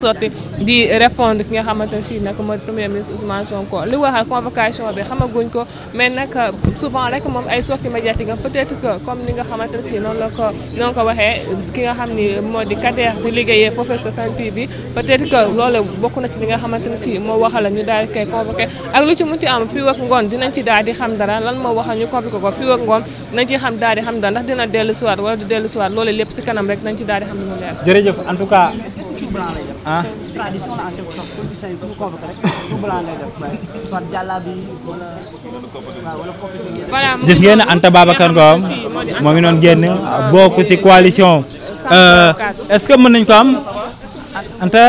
sorti di répondre ki nga xamante si nag mooy premier ministre Ousmane Sonko li waxal convocation bi xamaguñ ko mais nag souvent rek moom ay sorties médiatiques am peut comme ni nga xamante si noonu la ko noonu ko waxee ki nga xam ni moo di Kader di liggéeyee foofee sa santé bi peut-être bokk na ci li nga xamante ne moo waxal ñu daal di koy convoqué ak lu ci mucc am fii ak ngoon dinañ ci daal di xam dara lan moo waxal ñu convoqué ko fii ak ngoon dinañ ci xam daal di xam tout blanc lay def. ngeen Anta Babacar Ngom moo ngi noonu génn bokk ci coalition. Euh, est-ce que mën nañ ko am Anta.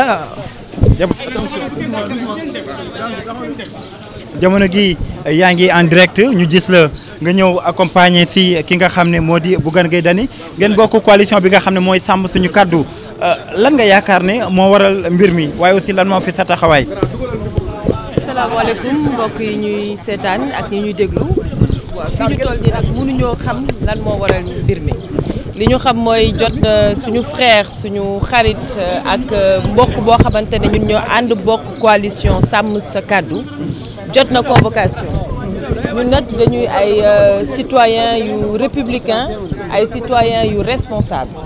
jamono gi yaa ngi en direct ñu jis la nga ñëw accompagner si ki nga xam ne moo di bu Bougane Gueye Dany ngeen bokk coalition bi nga xam ne mooy sàmm suñu kaddu. Euh, lan nga yaakaar ne moo waral mbir mi waaye aussi lan moo fi sa taxawaay. asalaamaaleykum mbokk yi ñuy seetaan ak yi ñuy déglu. waaw fi ñu toll nii nag mënuñoo xam lan moo waral mbir mi. li ñu xam mooy jot suñu frère suñu xarit euh, ak euh, mbokk boo xamante ne ñun ñoo ànd bokk coalition sàmm sa kàddu jot na convocation ñun nag dañuy ay citoyens yu républicain ay citoyens yu responsable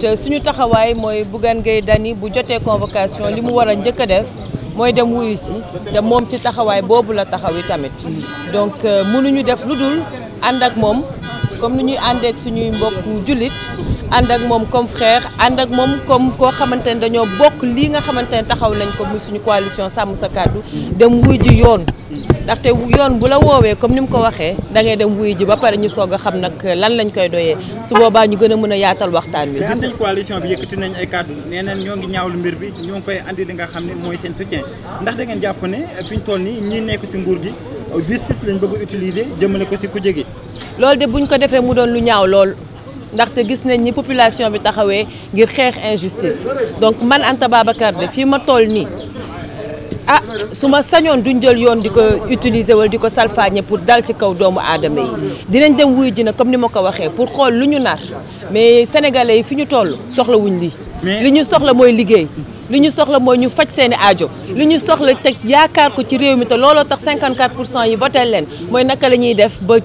te uh, suñu taxawaay mooy Bougane Gueye Dany bu jotee convocation li mu war a njëkk a def mooy dem wuyu si te moom ci taxawaay boobu la taxaw yi tamit donc euh, mënuñu def lu dul ànd ak moom comme ni ñuy ànd ak suñuy mbokku jullit ànd ak moom comme frère ànd ak moom comme koo xamante ne dañoo bokk lii nga xamante ne taxaw nañ ko muy suñu coalition sàmm sa kàddu dem wuy ji yoon ndaxte yoon bu la woowee comme ni mu ko waxee da ngay dem wuyu ji ba pare ñu soog a xam nag lan lañ koy doyee su boobaa ñu gën a mën a yaatal waxtaan wi. gis nañ coalition bi yëkkati nañ ay kàddu nee nañ ñoo ngi ñaawlu mbir bi ñoo ngi koy andi li xam ne mooy seen soutien ndax da ngeen jàpp ne fi ñu toll nii ñi nekk ci nguur gi justice lañ bëgg utiliser jëmale ko ci ku jege. loolu de bu ñu ko defee mu doon lu ñaaw lool. ndaxte gis nañ ñi population bi taxawee ngir xeex injustice donc man Anta Babacar de fii ma tool nii ah su ma sañoon duñ jël yoon di ko utiliser wala di ko salfaañe pour dal ci kaw doomu aadama yi dinañ dem wuy ji na comme ni ma ko waxee pour xool lu ñu nar mais sénégalais yi fi ñu toll soxla wuñ lii li ñu soxla mooy liggéey li ñu soxla mooy ñu faj seeni ajo li ñu soxla teg yaakaar ko ci réew mi te looloo tax 54 pour cent yi voté leen mooy naka la ñuy def ba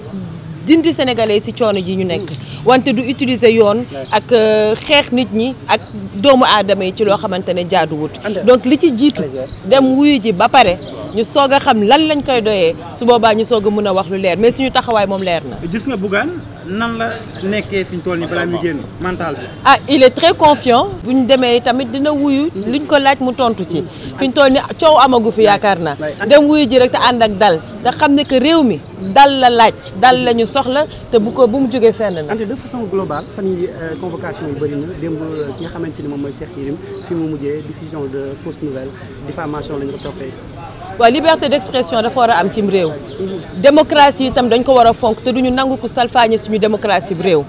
dindi sénégalais ci coono ji ñu nekk wante du utiliser yoon ak euh, xeex nit ñi ak doomu aadama yi ci loo xamante ne jaaduwut donc li ci jiitu dem wuyu ji ba pare ñu soog a xam lan lañ koy doyee su boobaa ñu soog a mën a wax lu leer mais suñu taxawaay moom leer na. gis nga Bougane nan la nekkee fi ñu toll nii balaa muy génn mental bi. ah il est très confiant bu ñu demee tamit dina wuyu luñ ko laaj mu tontu ci fi ñu toll nii coow amagu fi yaakaar naa dem wuyu ji rek te ànd ak dal te xam ne que réew mi dal la laaj dal lañu soxla te bu ko bu mu jógee fenn na. ante de façon euh, euh, ki nga xamante ni moom mooy Cheikh Yérim mu mujjee diffusion de fausses nouvelles diffamation lañ ko toppee. waaw liberté d'expression dafa war a am cim réew démocratie itam dañ ko war a fonk te duñu nangu ko salfaañe suñu démocratie bi réew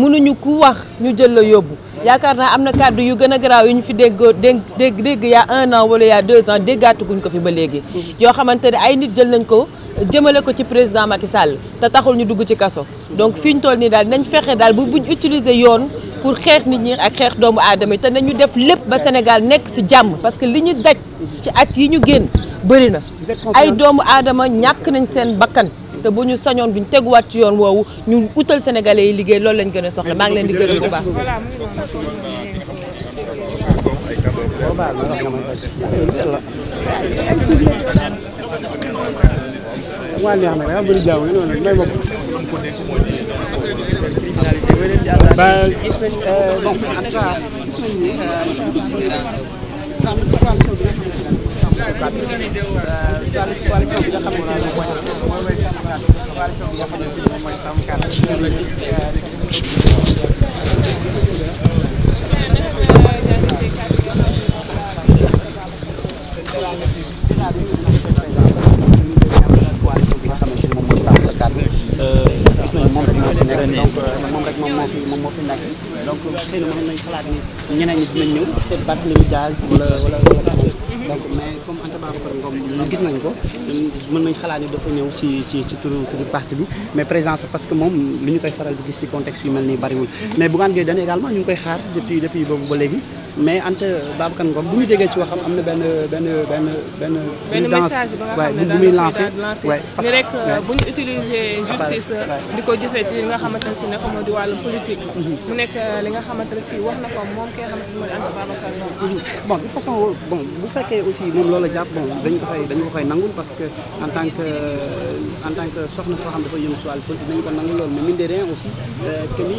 mënuñu ku wax ñu jël la yóbbu yaakaar naa am na kàddu yu gën a garaaw yu ñu fi déggoo dégg dégg dégg y a un an wala y a deux ans déggaatuguñ ko fi ba léegi yoo xamante ne ay nit jël nañ ko jëmale ko ci président Macky Sall te taxul ñu dugg ci kaso donc fii ñu toll nii daal nañ fexe daal bu buñ utiliser yoon pour xeex nit ñi ak xeex doomu aadama yi te nañu def lépp ba Sénégal nekk si jàmm parce que li ñu daj ci at yi ñu génn bëri na ay doomu aadama ñàkk nañ seen bakkan te bu ñu sañoon duñ teguwaat ci yoon woowu ñu utal sénégalais yi liggéey loolu lañ gën a soxla maa ngi leen di gërëm bu baax ba kàddu coalition bi nga xam ne moom mooy mooy sàmm kàddu coalition bi nga xam ne moom mooy sàmm donc euh, moom rek moom moo fi moom moo fi nekk donc xëy na mën nañ xalaat ni ñeneen ñi dinañ ñëw te bàtt nañu gaz wala wala wala donc mais gis nañ ko mën nañ xalaat ni dafa ñëw ci ci ci turu turu parti bi mais présence parce que moom li ñu koy faral di gis ci contexte yu mel nii bariwul mais Bougane Gueye Dany également ñu ngi koy xaar depuis depuis boobu ba léegi mais Anta Babacar Ngom bu ñu déggee ci waxam am na benn benn benn benn benn message ba nga xam ne bu euh, ñu xamante ne moom di wàllu mu nekk euh, li nga xamante ne fii wax na ko moom ki nga xamante mhm. bu fekkee aussi moom loola jàpp bon dañ ko koy dañ ko koy nangul parce que en tant que euh, en tant que soxna soo xam dafa yëngu si wàllu politique dañ ko nangul loolu mais mine aussi euh, que ni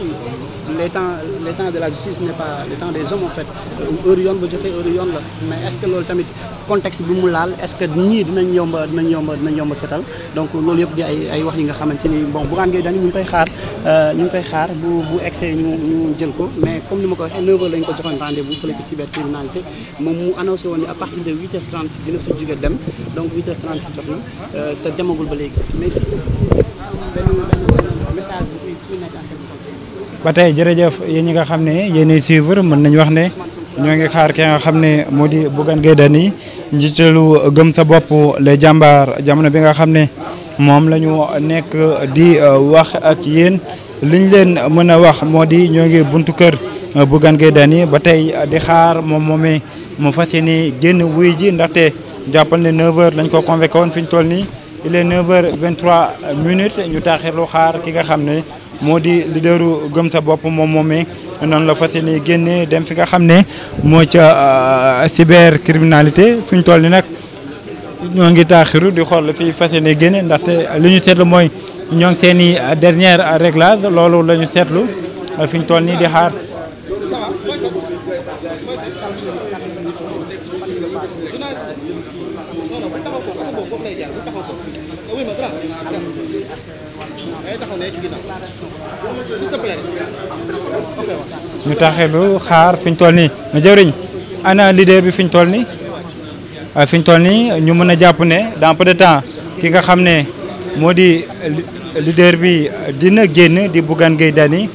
les temps les temps des hommes en jotee yoon la mais que loolu tamit contexte bi mu laal est-ce que ñii dinañ yomba dinañ yomba dinañ yomba setal donc loolu yëpp di ay wax yi nga xamante ni bon bu ngaan ngay dañu ñu ngi koy xaar Euh, ñu ngi koy xaar bu bu excès ñu ñu jël ko mais comme ni ma ko waxee 9h lañ ko joxoon rendez-vous fële ci cybercriminalité moom mu annoncé woon ni à partir de 8h30 dina fi jóge dem donc 8h30 jot na euh, te demagul ba léegi mais ba tey jërëjëf yéen ñi nga xam ne yéenay suivre mën nañu wax ne. ñoo ngi xaar ki nga xam ne moo di Bougane Gueye Dany njiitalu gëm sa bopp les jàmbaar jamono bi nga xam ne moom la ñu nekk di uh, wax ak yéen liñ leen mën a wax moo di ñoo ngi buntu kër uh, Bougane Gueye dani ba tey di xaar moom moomee mu fas yéene génn wuy ji ndaxte jàppal ne 9h lañ ko convoqué woon fi ñu toll nii il est 9h23 minutes ñu taaxirlu xaar ki nga xam ne moo di leaderu gëm sa bopp moom moomee noonu la fas yéene génnee dem fi nga xam ne moo ca euh, cyber criminalité fu ñu toll ni nag ñoo ngi taaxiru di xool fi fas yéene génne ndaxte li ñu seetlu mooy ñoo seen i dernière réglage loolu la ñu seetlu euh, fi ñu toll nii di xaar. ñu taxelu xaar fiñu tol toll nii jëwriñ ana leader bi fi ñu toll nii ah, fi ñu toll nii ñu mën a jàpp ne dans peu temps ki nga xam ne moo di leader bi dina génn di Bougane Gueye Dany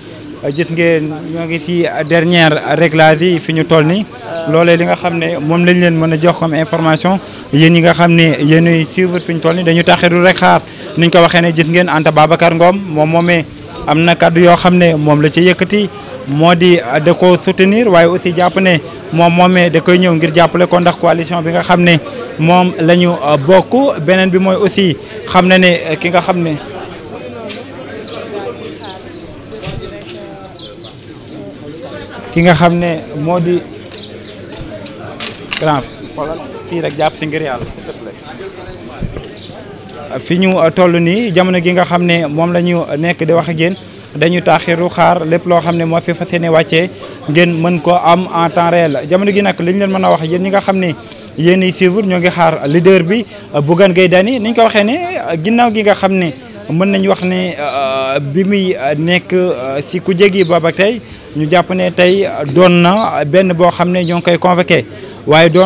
gis ngeen ñoo ngi ci dernière réglage yi fi ñu toll nii loolee li nga xam ne moom lañ leen mën a jox comme information yéen yi nga xam ne yéenuy suivre fi ñu toll nii dañu taxelu rek xaar niñ ko waxee ne gis ngeen Anta Babacar ngoom moom moomee am na kaddu yoo xam ne moom la ci yëkkati moo di ah, da ko soutenir waaye aussi jàpp ne moom moomee da koy ñëw ngir jàppale ko ndax coalition bi nga xam ne moom lañu ah, bokk beneen bi mooy aussi xam na ne eh, ki nga xam ne. ki nga xam ne moo di grand fii rek jàpp si ngir yàlla fi ñu toll nii jamono gi nga xam ne moom la ñu nekk di wax ak yéen dañu taaxiru xaar lépp loo xam ne moo fi fas yéene wàccee ngeen mën ko am en temps la jamono gi nag li ñu leen mën a wax yéen ñi nga xam ne yéen ay suivre ñoo ngi xaar leader bi Bougane Gueye Dany ni ñu ko waxee ne ginnaaw gi nga xam ne mën nañu wax ne euh, bi muy nekk euh, si ku jégi booba tey ñu jàpp ne tey doon na benn boo xam ne ñoo ngi koy convoqué waaye doon